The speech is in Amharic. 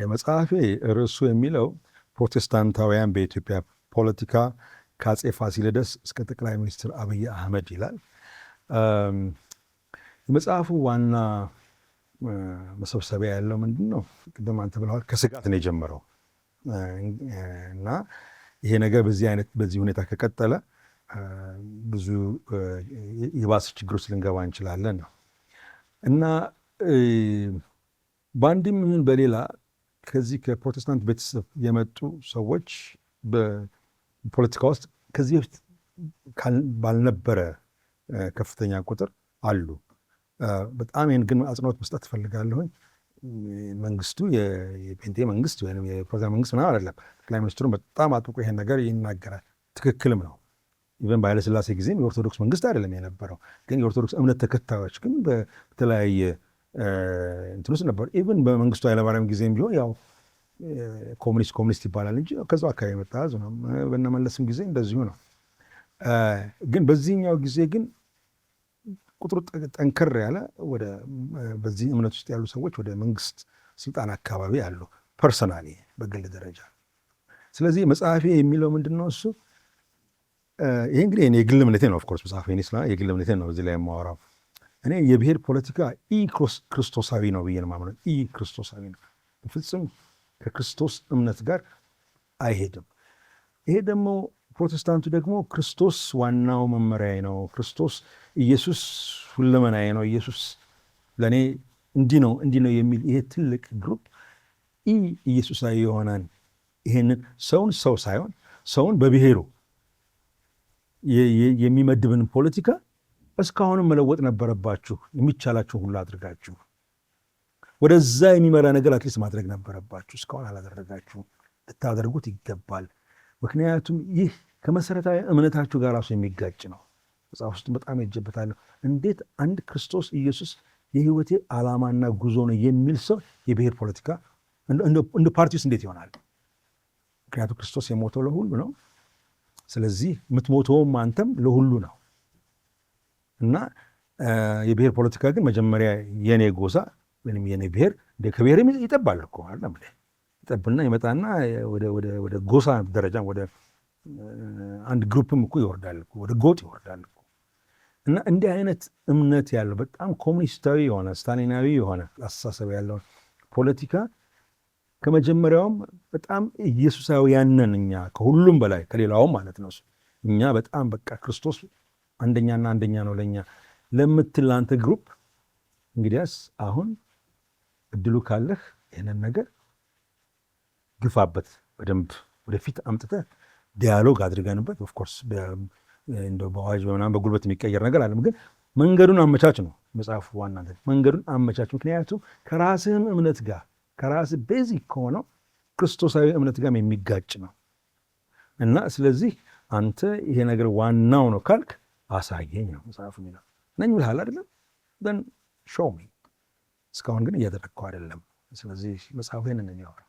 የመጽሐፌ ርዕሱ የሚለው ፕሮቴስታንታውያን በኢትዮጵያ ፖለቲካ ከአጼ ፋሲለደስ እስከ ጠቅላይ ሚኒስትር አብይ አህመድ ይላል። የመጽሐፉ ዋና መሰብሰቢያ ያለው ምንድን ነው? ቅድም አንተ ብለዋል፣ ከስጋት ነው የጀመረው እና ይሄ ነገር በዚህ አይነት በዚህ ሁኔታ ከቀጠለ ብዙ የባሰ ችግር ውስጥ ልንገባ እንችላለን ነው እና በአንድም ይሁን በሌላ ከዚህ ከፕሮቴስታንት ቤተሰብ የመጡ ሰዎች በፖለቲካ ውስጥ ከዚህ በፊት ባልነበረ ከፍተኛ ቁጥር አሉ። በጣም ይህን ግን አጽንኦት መስጠት ትፈልጋለሁኝ። መንግስቱ የፔንቴ መንግስት ወይም የፕሮቴስታንት መንግስት ምናምን አይደለም። ጠቅላይ ሚኒስትሩ በጣም አጥብቆ ይሄን ነገር ይናገራል። ትክክልም ነው። ኢቨን በኃይለስላሴ ጊዜም የኦርቶዶክስ መንግስት አይደለም የነበረው፣ ግን የኦርቶዶክስ እምነት ተከታዮች ግን በተለያየ እንትኑስ ነበሩ። ኢቨን በመንግስቱ ኃይለማርያም ጊዜም ቢሆን ያው ኮሚኒስት ኮሚኒስት ይባላል እንጂ ከዛው አካባቢ የመጣ ህዝብ ነው። በእነመለስም ጊዜ እንደዚሁ ነው። ግን በዚህኛው ጊዜ ግን ቁጥሩ ጠንከር ያለ ወደ በዚህ እምነት ውስጥ ያሉ ሰዎች ወደ መንግስት ስልጣን አካባቢ አሉ፣ ፐርሰናሊ በግል ደረጃ። ስለዚህ መጽሐፊ የሚለው ምንድን ነው እሱ ይሄ እንግዲህ የግል እምነቴ ነው። ኦፍኮርስ መጽሐፌ የግል እምነቴ ነው። እዚህ ላይ የማወራው እኔ የብሔር ፖለቲካ ኢ ክርስቶሳዊ ነው ብዬ ነው የማምነው። ኢ ክርስቶሳዊ ነው፣ በፍጹም ከክርስቶስ እምነት ጋር አይሄድም። ይሄ ደግሞ ፕሮቴስታንቱ ደግሞ ክርስቶስ ዋናው መመሪያዬ ነው፣ ክርስቶስ ኢየሱስ ሁለመናዬ ነው፣ ኢየሱስ ለእኔ እንዲህ ነው እንዲህ ነው የሚል ይሄ ትልቅ ግሩፕ ኢ ኢየሱሳዊ የሆነን ይሄንን ሰውን ሰው ሳይሆን ሰውን በብሔሩ የሚመድብን ፖለቲካ እስካሁንም መለወጥ ነበረባችሁ። የሚቻላችሁ ሁሉ አድርጋችሁ ወደዛ የሚመራ ነገር አትሊስት ማድረግ ነበረባችሁ። እስካሁን አላደረጋችሁ ልታደርጉት ይገባል። ምክንያቱም ይህ ከመሰረታዊ እምነታችሁ ጋር ራሱ የሚጋጭ ነው። መጽሐፍ ውስጥ በጣም ይጀበታለሁ። እንዴት አንድ ክርስቶስ ኢየሱስ የህይወቴ ዓላማና ጉዞ ነው የሚል ሰው የብሔር ፖለቲካ እንደ ፓርቲ ውስጥ እንዴት ይሆናል? ምክንያቱም ክርስቶስ የሞተው ለሁሉ ነው። ስለዚህ የምትሞተውም አንተም ለሁሉ ነው። እና የብሔር ፖለቲካ ግን መጀመሪያ የኔ ጎሳ ወይም የኔ ብሔር ከብሔርም ይጠባል እኮ ይጠብና ይመጣና ወደ ጎሳ ደረጃ ወደ አንድ ግሩፕም እኮ ይወርዳል እኮ ወደ ጎጥ ይወርዳል እኮ እና እንዲህ አይነት እምነት ያለው በጣም ኮሚኒስታዊ የሆነ ስታሊናዊ የሆነ አስተሳሰብ ያለው ፖለቲካ ከመጀመሪያውም በጣም ኢየሱሳዊ ኢየሱሳውያንን እኛ ከሁሉም በላይ ከሌላውም ማለት ነው እኛ በጣም በቃ ክርስቶስ አንደኛና አንደኛ ነው ለእኛ ለምትል አንተ ግሩፕ እንግዲያስ አሁን እድሉ ካለህ ይህንን ነገር ግፋበት፣ በደንብ ወደፊት አምጥተህ ዲያሎግ አድርገንበት። ኦፍኮርስ በአዋጅ በምናምን በጉልበት የሚቀየር ነገር አለም፣ ግን መንገዱን አመቻች ነው መጽሐፉ ዋና መንገዱን አመቻች። ምክንያቱም ከራስህም እምነት ጋር ከራስህ ቤዚክ ከሆነው ክርስቶሳዊ እምነት ጋር የሚጋጭ ነው እና ስለዚህ አንተ ይሄ ነገር ዋናው ነው ካልክ አሳየኝ ነው መጽሐፉ የሚለው። ነኝ ብልሃል አይደለም ሾው ሚ። እስካሁን ግን እያደረግከው አይደለም። ስለዚህ መጽሐፉ ይህንን የሚያወራ